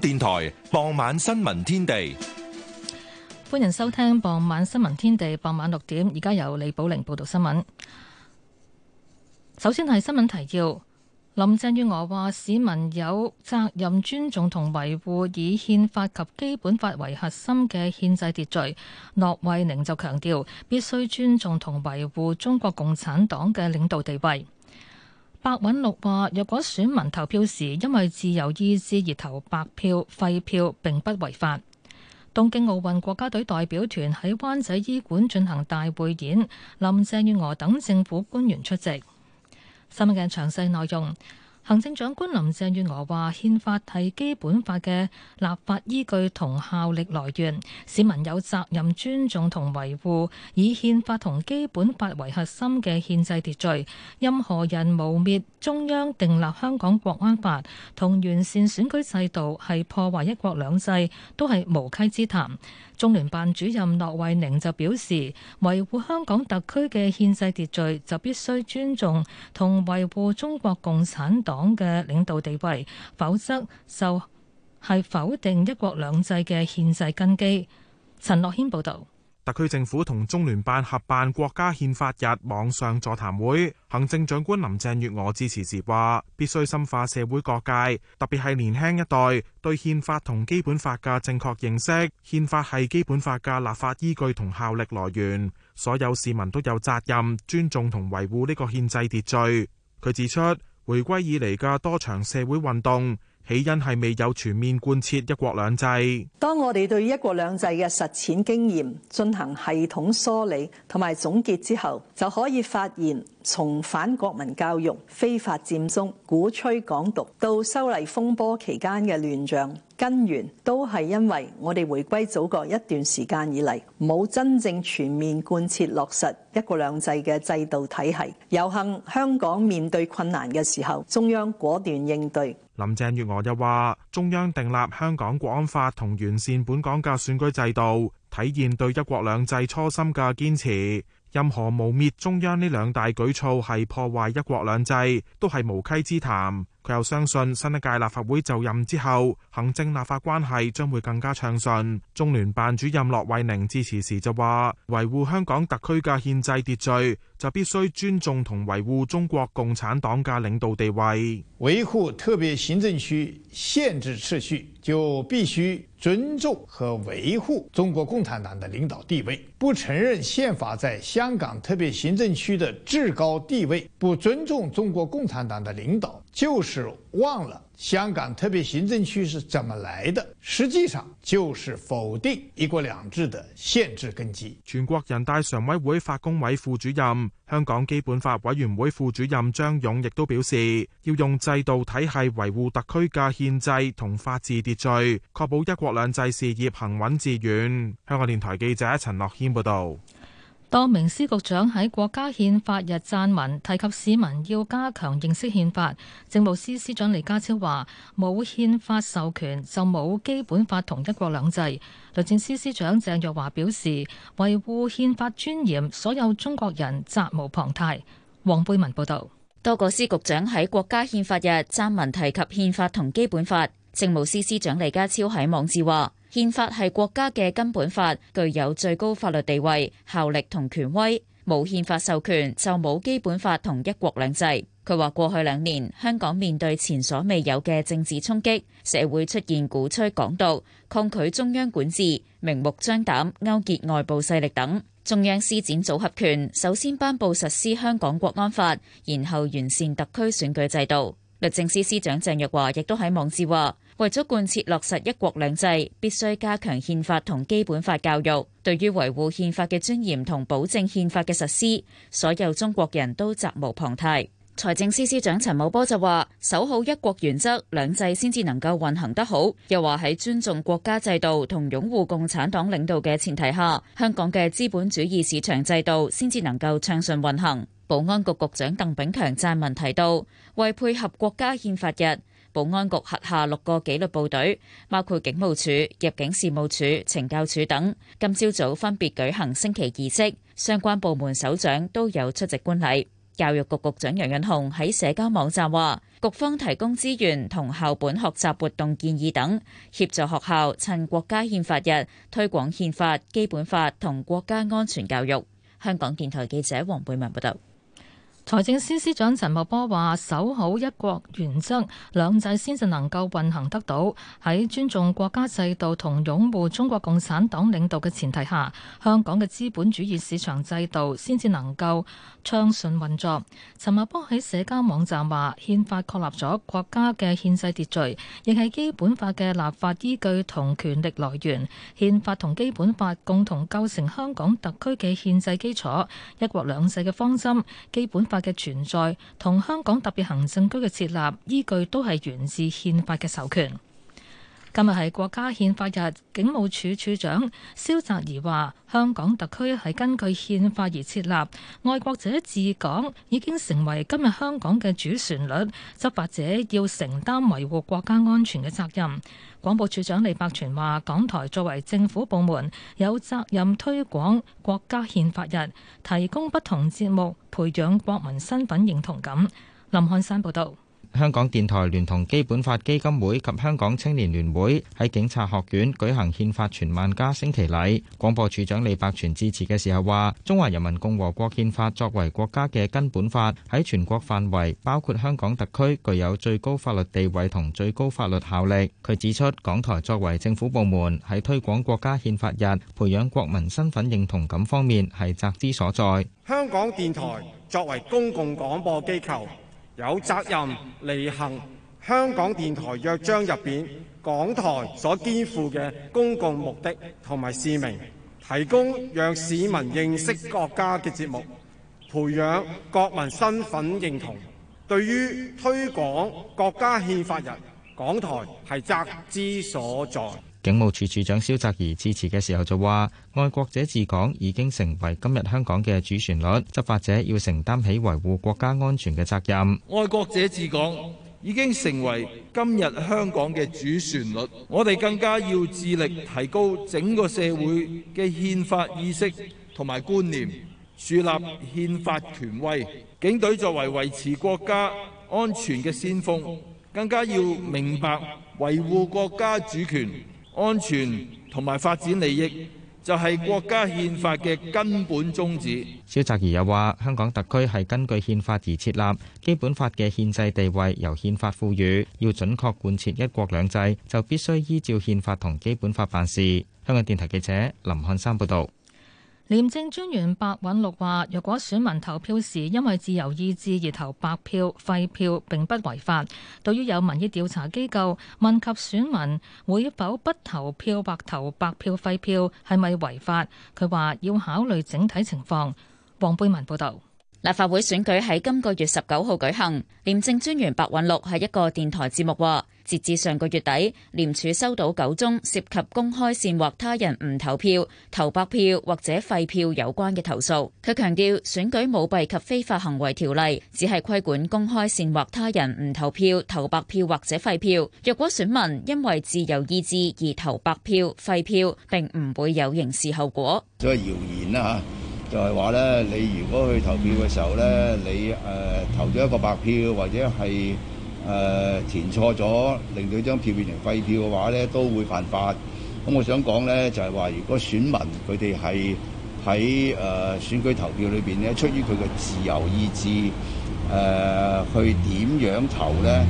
電台傍晚新聞天地，歡迎收聽傍晚新聞天地。傍晚六點，而家由李寶玲報道新聞。首先係新聞提要。林鄭月娥話，市民有責任尊重同維護以憲法及基本法為核心嘅憲制秩序。駱惠寧就強調，必須尊重同維護中國共產黨嘅領導地位。白韞六話：若果選民投票時因為自由意志而投白票、廢票，並不違法。東京奧運國家隊代表團喺灣仔伊館進行大會演，林鄭月娥等政府官員出席。新聞嘅詳細內容。行政長官林鄭月娥話：憲法係基本法嘅立法依據同效力來源，市民有責任尊重同維護以憲法同基本法為核心嘅憲制秩序。任何人誣衊中央訂立香港國安法同完善選舉制度係破壞一國兩制，都係無稽之談。中聯辦主任駱惠寧就表示，維護香港特區嘅憲制秩序就必須尊重同維護中國共產黨嘅領導地位，否則就係否定一國兩制嘅憲制根基。陳樂軒報道。特區政府同中聯辦合辦國家憲法日網上座談會，行政長官林鄭月娥致辭時話：必須深化社會各界，特別係年輕一代對憲法同基本法嘅正確認識。憲法係基本法嘅立法依據同效力來源，所有市民都有責任尊重同維護呢個憲制秩序。佢指出，回歸以嚟嘅多場社會運動，起因係未有全面貫徹一國兩制。當我哋對一國兩制嘅實踐經驗進行系統梳理同埋總結之後，就可以發現，從反國民教育、非法佔中、鼓吹港獨到修例風波期間嘅亂象，根源都係因為我哋回歸祖國一段時間以嚟冇真正全面貫徹落實一國兩制嘅制度體系。有幸香港面對困難嘅時候，中央果斷應對。林鄭月娥又話：中央訂立香港國安法同完善本港嘅選舉制度，體現對一國兩制初心嘅堅持。任何污蔑中央呢兩大舉措係破壞一國兩制，都係無稽之談。佢又相信新一屆立法會就任之後，行政立法關係將會更加暢順。中聯辦主任駱惠寧致辭時就話，維護香港特區嘅憲制秩序，就必須尊重同維護中國共產黨嘅領導地位。維護特別行政區憲制秩序，就必須尊重和維護中國共產黨嘅領導地位。不承認憲法在香港特別行政區的至高地位，不尊重中國共產黨的領導，就是。是忘了香港特別行政區是怎麼來的，實際上就是否定一國兩制的憲制根基。全國人大常委會法工委副主任、香港基本法委員會副主任張勇亦都表示，要用制度體系維護特區嘅憲制同法治秩序，確保一國兩制事業行穩致遠。香港電台記者陳樂謙報道。多名司局長喺國家憲法日撰文，提及市民要加強認識憲法。政務司司長李家超話：冇憲法授權就冇基本法同一國兩制。律政司司長鄭若驊表示：維護憲法尊嚴，所有中國人責無旁貸。黃貝文報導。多個司局長喺國家憲法日撰文，提及憲法同基本法。政務司司長李家超喺網誌話。憲法係國家嘅根本法，具有最高法律地位、效力同權威。冇憲法授權就冇基本法同一國兩制。佢話：過去兩年，香港面對前所未有嘅政治衝擊，社會出現鼓吹港獨、抗拒中央管治、明目張膽勾結外部勢力等。中央施展組合拳，首先頒布實施香港國安法，然後完善特區選舉制度。律政司司長鄭若驊亦都喺網誌話。為咗貫徹落實一國兩制，必須加強憲法同基本法教育。對於維護憲法嘅尊嚴同保證憲法嘅實施，所有中國人都責無旁貸。財政司司長陳茂波就話：守好一國原則，兩制先至能夠運行得好。又話喺尊重國家制度同擁護共產黨領導嘅前提下，香港嘅資本主義市場制度先至能夠暢順運行。保安局局長鄧炳強撰文提到，為配合國家憲法日。保安局轄下六個紀律部隊，包括警務處、入境事務處、懲教處等，今朝早，早分別舉行升旗儀式，相關部門首長都有出席觀禮。教育局局長楊潤雄喺社交網站話，局方提供資源同校本學習活動建議等，協助學校趁國家憲法日推廣憲法、基本法同國家安全教育。香港電台記者黃貝文報道。財政司司長陳茂波話：守好一國原則，兩制先至能夠運行得到。喺尊重國家制度同擁護中國共產黨領導嘅前提下，香港嘅資本主義市場制度先至能夠暢順運作。陳茂波喺社交網站話：憲法確立咗國家嘅憲制秩序，亦係基本法嘅立法依據同權力來源。憲法同基本法共同構成香港特區嘅憲制基礎。一國兩制嘅方針，基本法。嘅存在同香港特別行政區嘅設立依據都係源自憲法嘅授權。今日係國家憲法日，警務處處長蕭澤頤話，香港特區係根據憲法而設立，愛國者治港已經成為今日香港嘅主旋律，執法者要承擔維護國家安全嘅責任。廣播處長李百全話：港台作為政府部門，有責任推廣國家憲法日，提供不同節目，培養國民身份認同感。林漢山報道。香港電台聯同基本法基金會及香港青年聯會喺警察學院舉行憲法傳萬家升旗禮，廣播處長李百全致辭嘅時候話：中華人民共和國憲法作為國家嘅根本法，喺全國範圍包括香港特區具有最高法律地位同最高法律效力。佢指出，港台作為政府部門喺推廣國家憲法日、培養國民身份認同感方面係責之所在。香港電台作為公共廣播機構，有責任履行香港電台約章入邊，港台所肩負嘅公共目的，同埋使命，提供讓市民認識國家嘅節目，培養國民身份認同。對於推廣國家憲法日，港台係責之所在。警務處處長蕭澤頤致辭嘅時候就話，愛國者治港已經成為今日香港嘅主旋律，執法者要承擔起維護國家安全嘅責任。愛國者治港已經成為今日香港嘅主旋律，我哋更加要致力提高整個社會嘅憲法意識同埋觀念，樹立憲法權威。警隊作為維持國家安全嘅先鋒，更加要明白維護國家主權安全同埋發展利益就係國家憲法嘅根本宗旨。蕭澤頤又話：香港特區係根據憲法而設立，基本法嘅憲制地位由憲法賦予。要準確貫徹一國兩制，就必須依照憲法同基本法辦事。香港電台記者林漢山報道。廉政專員白韞六話：若果選民投票時因為自由意志而投白票廢票，並不違法。對於有民意調查機構問及選民會否不投票或投白票廢票係咪違法，佢話要考慮整體情況。黃貝文報道，立法會選舉喺今個月十九號舉行。廉政專員白韞六喺一個電台節目話。截至上個月底，廉署收到九宗涉及公開煽惑他人唔投票、投白票或者廢票有關嘅投訴。佢強調，選舉舞弊及非法行為條例只係規管公開煽惑他人唔投票、投白票或者廢票。若果選民因為自由意志而投白票、廢票，並唔會有刑事後果。所謂謠言啦嚇，就係話咧，你如果去投票嘅時候咧，你誒、呃、投咗一個白票或者係。誒、呃、填錯咗，令到張票變成廢票嘅話咧，都會犯法。咁我想講咧，就係、是、話，如果選民佢哋係喺誒選舉投票裏邊咧，出於佢嘅自由意志誒去點樣投咧，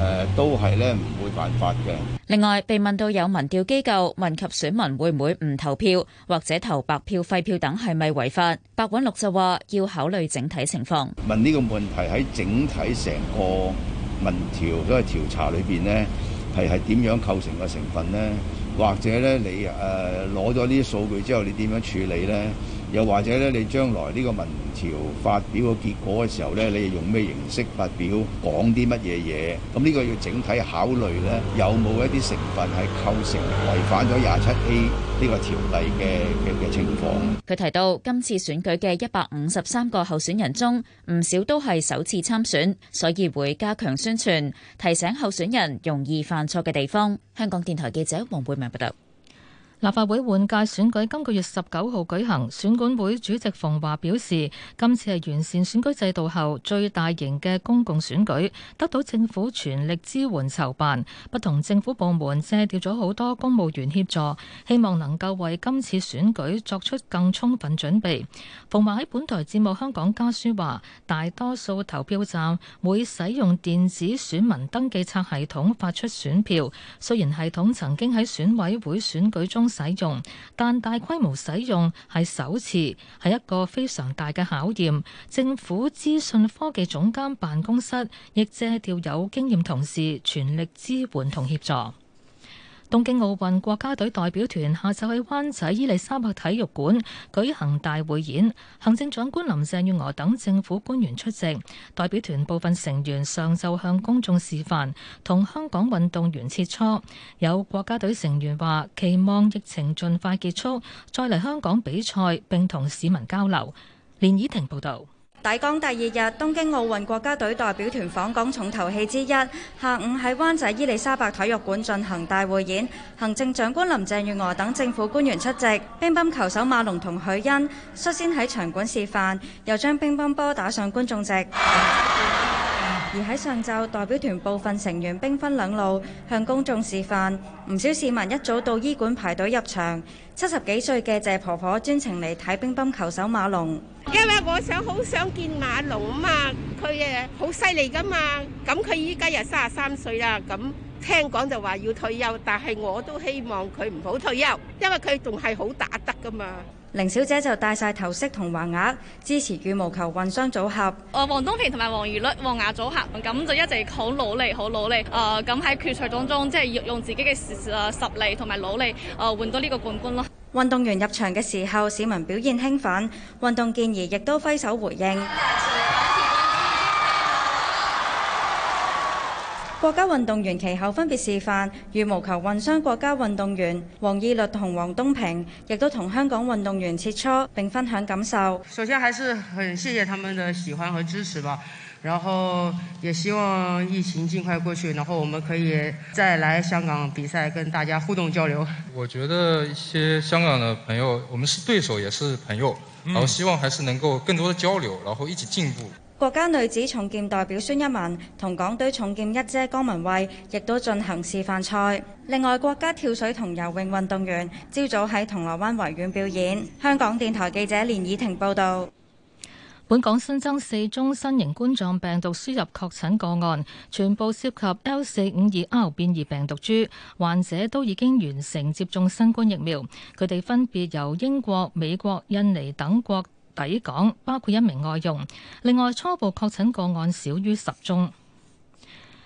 誒、呃、都係咧唔會犯法嘅。另外，被問到有民調機構問及選民會唔會唔投票或者投白票、廢票等係咪違法，白韞六就話要考慮整體情況。問呢個問題喺整體成個。民調都係調查裏邊咧，係係點樣構成個成分咧？或者咧，你誒攞咗呢啲數據之後，你點樣處理咧？又或者咧，你將來呢個民調發表嘅結果嘅時候咧，你用咩形式發表，講啲乜嘢嘢？咁呢個要整體考慮咧，有冇一啲成分係構成違反咗廿七 A 呢個條例嘅嘅嘅情況？佢提到今次選舉嘅一百五十三個候選人中，唔少都係首次參選，所以會加強宣傳，提醒候選人容易犯錯嘅地方。香港電台記者黃貝明報道。立法會換屆選舉今個月十九號舉行，選管會主席馮華表示，今次係完善選舉制度後最大型嘅公共選舉，得到政府全力支援籌辦，不同政府部門借調咗好多公務員協助，希望能夠為今次選舉作出更充分準備。馮華喺本台節目《香港家書》話，大多數投票站會使用電子選民登記冊系統發出選票，雖然系統曾經喺選委會選舉中使用，但大規模使用係首次，係一個非常大嘅考驗，政府資訊科技總監辦公室亦借調有經驗同事，全力支援同協助。東京奧運國家隊代表團下晝喺灣仔伊利沙伯體育館舉行大會演，行政長官林鄭月娥等政府官員出席。代表團部分成員上晝向公眾示範，同香港運動員切磋。有國家隊成員話：期望疫情盡快結束，再嚟香港比賽，並同市民交流。連以婷報道。抵港第二日，東京奧運國家隊代表團訪港重頭戲之一，下午喺灣仔伊利沙伯體育館進行大會演，行政長官林鄭月娥等政府官員出席，乒乓球手馬龍同許昕率先喺場館示範，又將乒乓波打上觀眾席。 而喺上晝，代表團部分成員兵分兩路向公眾示範。唔少市民一早到伊館排隊入場。七十幾歲嘅謝婆婆專程嚟睇乒乓球手馬龍，因為我想好想見馬龍吖嘛，佢誒好犀利㗎嘛。咁佢依家又三十三歲啦，咁聽講就話要退休，但係我都希望佢唔好退休，因為佢仲係好打得㗎嘛。凌小姐就戴晒頭飾同橫額，支持羽毛球混雙組合。誒，黃東萍同埋黃瑜率黃雅組合，咁就一直好努力，好努力。誒，咁喺決賽當中，即係要用自己嘅誒實力同埋努力，誒換到呢個冠軍咯。運動員入場嘅時候，市民表現興奮，運動健兒亦都揮手回應。 國家運動員其後分別示範，羽毛球混雙國家運動員王懿律同黃東萍，亦都同香港運動員切磋並分享感受。首先還是很謝謝他們的喜歡和支持吧，然後也希望疫情盡快過去，然後我們可以再來香港比賽跟大家互動交流。我覺得一些香港的朋友，我們是對手也是朋友，嗯、然後希望還是能夠更多的交流，然後一起進步。國家女子重劍代表孫一文同港隊重劍一姐江文慧亦都進行示範賽。另外，國家跳水同游泳運動員朝早喺銅鑼灣維園表演。香港電台記者連以婷報道。本港新增四宗新型冠狀病毒輸入確診個案，全部涉及 L 四五二 R 變異病毒株，患者都已經完成接種新冠疫苗。佢哋分別由英國、美國、印尼等國抵港包括一名外傭。另外，初步確診個案少於十宗。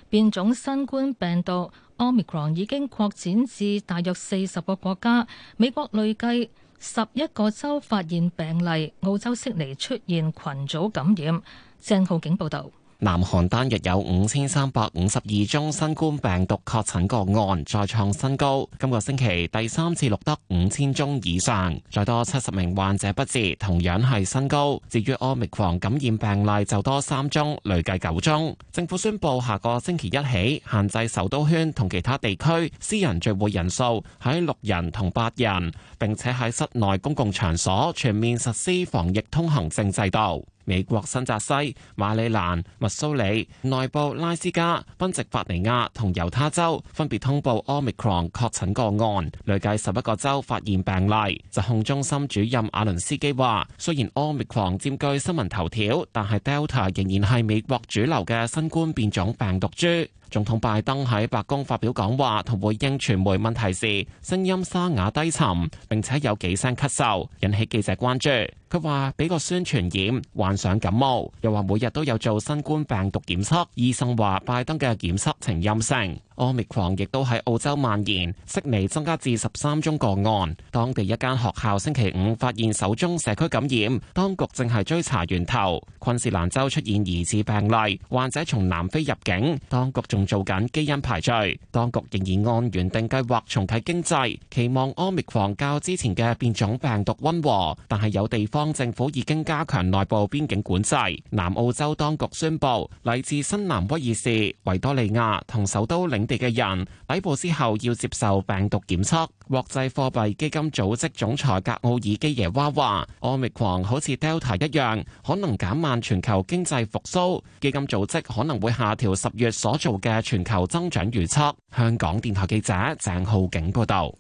變種新冠病毒 Omicron 已經擴展至大約四十個國家。美國累計十一個州發現病例。澳洲悉尼出現群組感染。鄭浩景報導。南韓單日有五千三百五十二宗新冠病毒確診個案，再創新高。今個星期第三次錄得五千宗以上，再多七十名患者不治，同樣係新高。至於奧密克戎感染病例就多三宗，累計九宗。政府宣布下個星期一起限制首都圈同其他地區私人聚會人數喺六人同八人，並且喺室內公共場所全面實施防疫通行證制度。美國新澤西、馬里蘭、密蘇里、內布拉斯加、賓夕法尼亞同猶他州分別通報 Omicron 確診個案，累計十一個州發現病例。疾控中心主任阿倫斯基話：雖然 Omicron 佔據新聞頭條，但係 Delta 仍然係美國主流嘅新冠變種病毒株。總統拜登喺白宮發表講話同回應傳媒問題時，聲音沙啞低沉，並且有幾聲咳嗽，引起記者關注。佢話俾個宣傳染患上感冒，又話每日都有做新冠病毒檢測。醫生話拜登嘅檢測呈陰性。Omicron 亦都喺澳洲蔓延，悉尼增加至十三宗個案。當地一間學校星期五發現首宗社區感染，當局正係追查源頭。昆士蘭州出現疑似病例，患者從南非入境，當局仲做緊基因排序。當局仍然按原定計劃重啟經濟，期望 Omicron 較之前嘅變種病毒溫和，但係有地方政府已經加強內部邊境管制。南澳洲當局宣布嚟自新南威爾士、維多利亞同首都領地嘅人抵埗之後，要接受病毒檢測。國際貨幣基金組織總裁格奧爾基耶娃話，奧密狂好似 Delta 一樣，可能減慢全球經濟復蘇。基金組織可能會下調十月所做嘅全球增長預測。香港電台記者鄭浩景報道。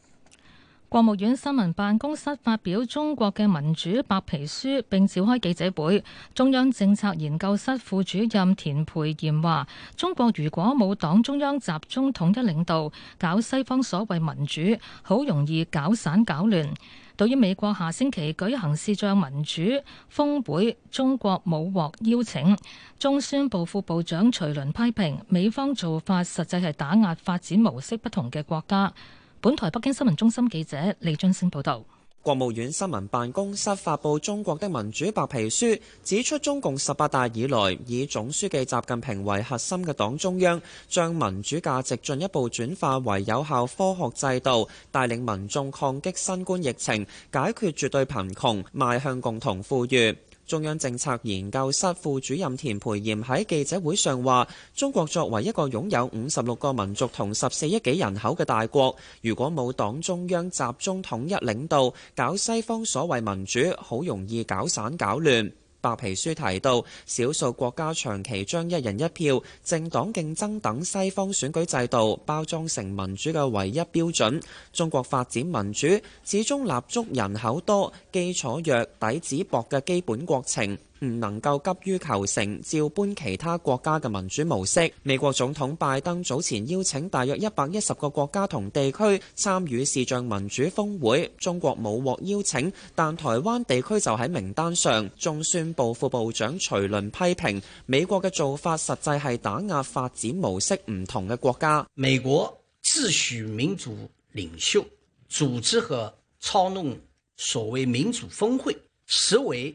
國務院新聞辦公室發表中國嘅民主白皮書，並召開記者會。中央政策研究室副主任田培炎話，中國如果冇黨中央集中統一領導，搞西方所謂民主，好容易搞散搞亂。對於美國下星期舉行視像民主峰會，中國冇獲邀請，中宣部副部長徐倫批評美方做法實際係打壓發展模式不同嘅國家。本台北京新聞中心記者李俊升報道，國務院新聞辦公室發布《中國的民主》白皮書，指出中共十八大以來，以總書記習近平為核心嘅黨中央，將民主價值進一步轉化為有效科學制度，帶領民眾抗擊新冠疫情，解決絕對貧窮，邁向共同富裕。中央政策研究室副主任田培炎喺記者會上話，中國作為一個擁有五十六個民族同十四億幾人口嘅大國，如果冇黨中央集中統一領導，搞西方所謂民主，好容易搞散搞亂。白皮書提到，少數國家長期將一人一票、政黨競爭等西方選舉制度包裝成民主嘅唯一標準。中國發展民主，始終立足人口多、基礎弱、底子薄嘅基本國情。唔能夠急於求成，照搬其他國家嘅民主模式。美國總統拜登早前邀請大約一百一十個國家同地區參與視像民主峰會，中國冇獲邀請，但台灣地區就喺名單上。中宣部副部長徐倫批評美國嘅做法，實際係打壓發展模式唔同嘅國家。美國自詡民主領袖，組織和操弄所謂民主峰會，實為，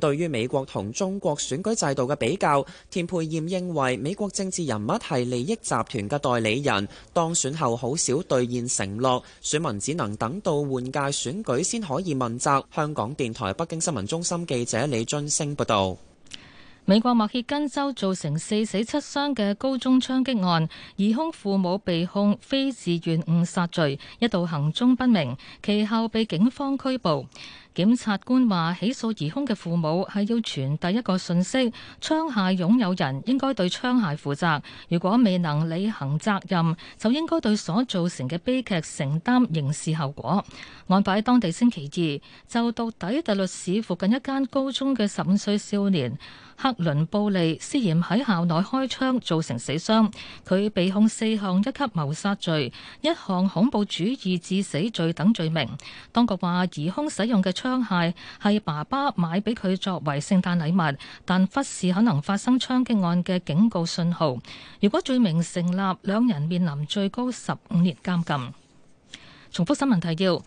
對於美國同中國選舉制度嘅比較，田培炎認為美國政治人物係利益集團嘅代理人，當選後好少兌現承諾，選民只能等到換屆選舉先可以問責。香港電台北京新聞中心記者李津星報道，美國麥歇根州造成四死七傷嘅高中槍擊案，疑兇父母被控非自願誤殺罪，一度行蹤不明，其後被警方拘捕。檢察官話：起訴疑兇嘅父母係要傳遞一個訊息，槍械擁有人應該對槍械負責。如果未能履行責任，就應該對所造成嘅悲劇承擔刑事後果。案發喺當地星期二，就讀底特律市附近一間高中嘅十五歲少年克倫布利，涉嫌喺校內開槍造成死傷。佢被控四項一級謀殺罪、一項恐怖主義致死罪等罪名。當局話，疑兇使用嘅槍械係爸爸買俾佢作為聖誕禮物，但忽視可能發生槍擊案嘅警告信號。如果罪名成立，兩人面臨最高十五年監禁。重複新聞提要：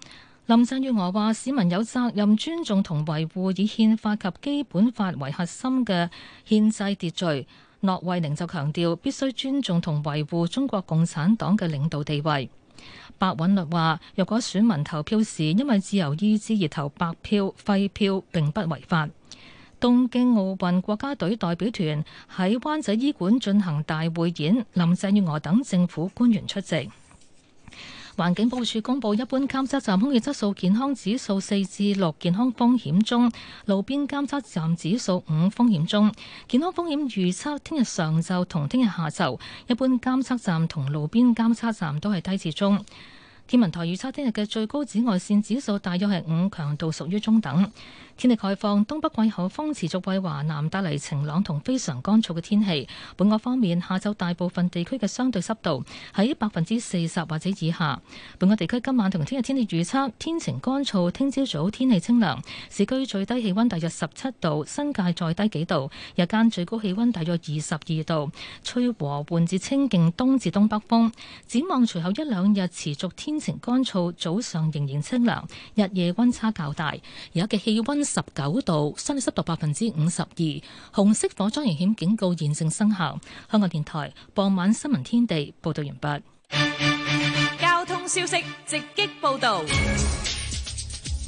林鄭月娥話市民有責任尊重同維護以憲法及基本法為核心嘅憲制秩序。駱惠寧就強調必須尊重同維護中國共產黨嘅領導地位。白韻律話：若果選民投票時因為自由意志而投白票、廢票並不違法。東京奧運國家隊代表團喺灣仔伊館進行大匯演，林鄭月娥等政府官員出席。環境保護署公佈，一般監測站空氣質素健康指數四至六，健康風險中；路邊監測站指數五，風險中。健康風險預測，聽日上晝同聽日下晝，一般監測站同路邊監測站都係低至中。天文台預測，聽日嘅最高紫外線指數大約係五，強度屬於中等。天氣概況，東北季候風持續為華南帶嚟晴朗同非常乾燥嘅天氣。本港方面，下晝大部分地區嘅相對濕度喺百分之四十或者以下。本港地區今晚同聽日天氣預測：天晴乾燥，聽朝早天氣清涼，市區最低氣温大約十七度，新界再低幾度，日間最高氣温大約二十二度，吹和緩至清勁東至東北風。展望隨後一兩日持續天晴乾燥，早上仍然清涼，日夜温差較大，而家嘅氣温。十九度，相對濕度百分之五十二，紅色火災危險警告現正生效。香港電台傍晚新聞天地報道完畢。交通消息直擊報道。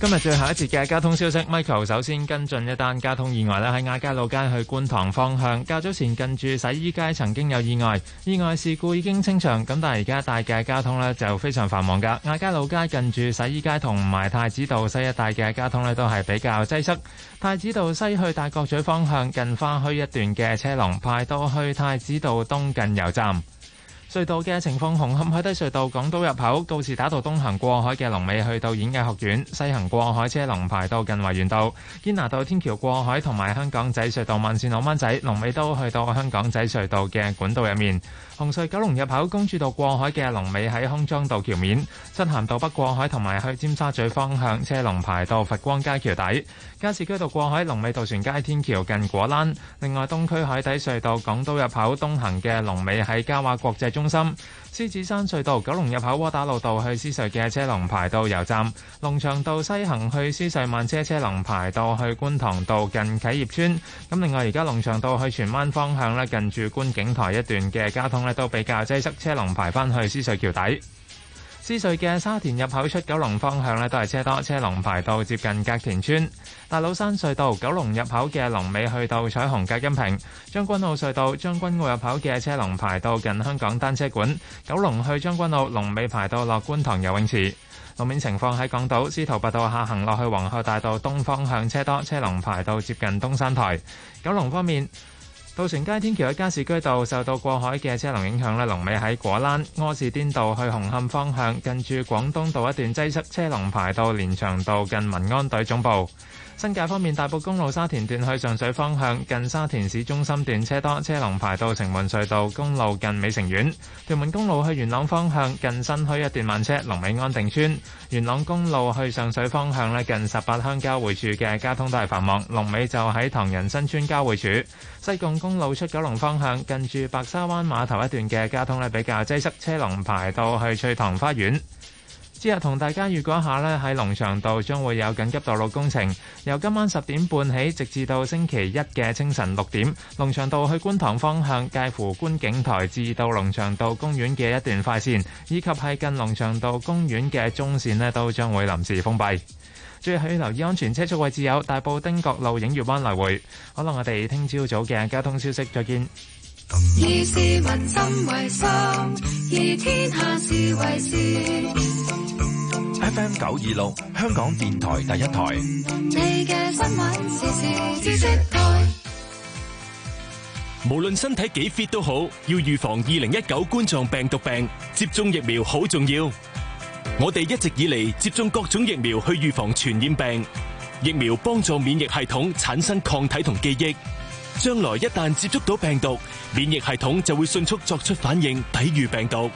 今日最後一節嘅交通消息，Michael 首先跟進一單交通意外啦。喺亞皆老街去觀塘方向，較早前近住洗衣街曾經有意外，意外事故已經清場。咁但係而家大嘅交通呢就非常繁忙噶亞皆老街近住洗衣街同埋太子道西一帶嘅交通呢都係比較擠塞。太子道西去大角咀方向近花墟一段嘅車龍排到去太子道東近油站。隧道嘅情況：紅磡海底隧道港島入口、告士打道東行過海嘅龍尾去到演藝學院；西行過海車龍排到近維園道、堅拿道天橋過海同埋香港仔隧道慢線老掹仔龍尾都去到香港仔隧道嘅管道入面。紅隧九龍入口公主道過海嘅龍尾喺康莊道橋面；漆咸道北過海同埋去尖沙咀方向車龍排到佛光街橋底。加士居道過海，龍尾渡船街天橋近果欄。另外，東區海底隧道港島入口東行嘅龍尾喺嘉華國際中心。獅子山隧道九龍入口窩打老道去獅隧嘅車龍排到油站。龍翔道西行去獅隧慢車，車龍排到去觀塘道近啟業村。咁另外，而家龍翔道去荃灣方向咧，近住觀景台一段嘅交通咧都比較擠塞，車龍排翻去獅隧橋底。私隧嘅沙田入口出九龍方向咧，都係車多，車龍排到接近隔田村。大佬山隧道九龍入口嘅龍尾去到彩虹隔音屏，將軍澳隧道將軍澳入口嘅車龍排到近香港單車館。九龍去將軍澳龍尾排到樂觀塘游泳池。路面情況喺港島司徒拔道下行落去皇后大道東方向車多，車龍排到接近東山台。九龍方面。渡船街天橋喺加士居道受到過海嘅車龍影響咧，龍尾喺果欄柯士甸道去紅磡方向，近住廣東道一段擠塞，車龍排到連翔道近民安隊總部。新界方面，大埔公路沙田段去上水方向，近沙田市中心段車多，車龍排到城門隧道公路近美城苑。屯門公路去元朗方向，近新墟一段慢車，龍尾安定村。元朗公路去上水方向咧，近十八鄉交匯處嘅交通都係繁忙，龍尾就喺唐人新村交匯處。西貢公路出九龍方向，近住白沙灣碼頭一段嘅交通咧，比較擠塞，車龍排到去翠塘花園。之後同大家預告下呢，喺龍翔道將會有緊急道路工程，由今晚十點半起，直至到星期一嘅清晨六點，龍翔道去觀塘方向，介乎觀景台至到龍翔道公園嘅一段快線，以及喺近龍翔道公園嘅中線呢，都將會臨時封閉。最後要留意安全車速位置有大埔丁角路、映月灣來回。可能我哋聽朝早嘅交通消息，再見。以市民心為心，以天下事為事。FM 九二六，香港電台第一台。無論身體幾 fit 都好，要預防二零一九冠狀病毒病，接種疫苗好重要。我哋一直以嚟接種各種疫苗去預防傳染病，疫苗幫助免疫系統產生抗體同記憶，將來一旦接觸到病毒，免疫系統就會迅速作出反應，抵御病毒。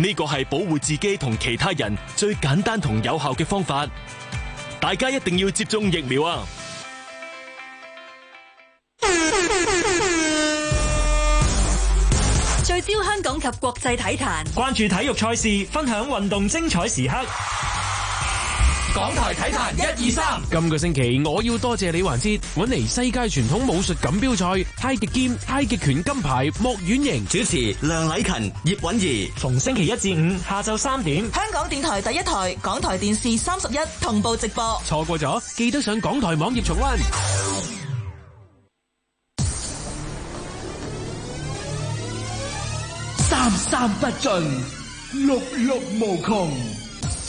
呢個係保護自己同其他人最簡單同有效嘅方法，大家一定要接種疫苗啊！聚焦香港及國際體壇，關注體育賽事，分享運動精彩時刻。港台體壇一二三，1, 2，今個星期我要多謝李環芝，搵嚟世界傳統武術錦標賽太極劍、太極拳金牌，莫婉瑩主持梁、梁禮勤、葉韻儀，逢星期一至五下晝三點，香港電台第一台、港台電視三十一同步直播。錯過咗記得上港台網頁重溫。三三不盡，六六無窮。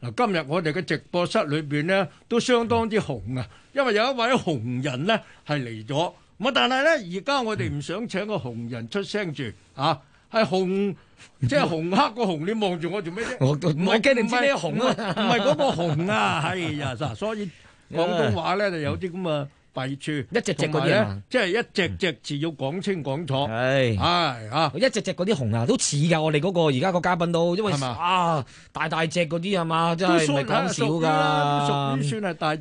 嗱，今日我哋嘅直播室裏邊呢，都相當之紅啊，因為有一位紅人呢係嚟咗，咁但係呢而家我哋唔想請個紅人出聲住，嚇、啊、係紅即係、就是、紅黑個紅，你望住我做咩啫？我都唔係驚你知咩紅啊？唔係嗰個紅啊，係呀嗱，所以廣東話呢就有啲咁啊。弊處，一隻隻啲咧，即係一隻隻字要講清講楚，係係啊，是哎、呀一隻隻啲紅啊，都似噶我哋、嗰個而家個嘉賓都，因為吧啊大大隻啲啊嘛，即係唔係講少噶。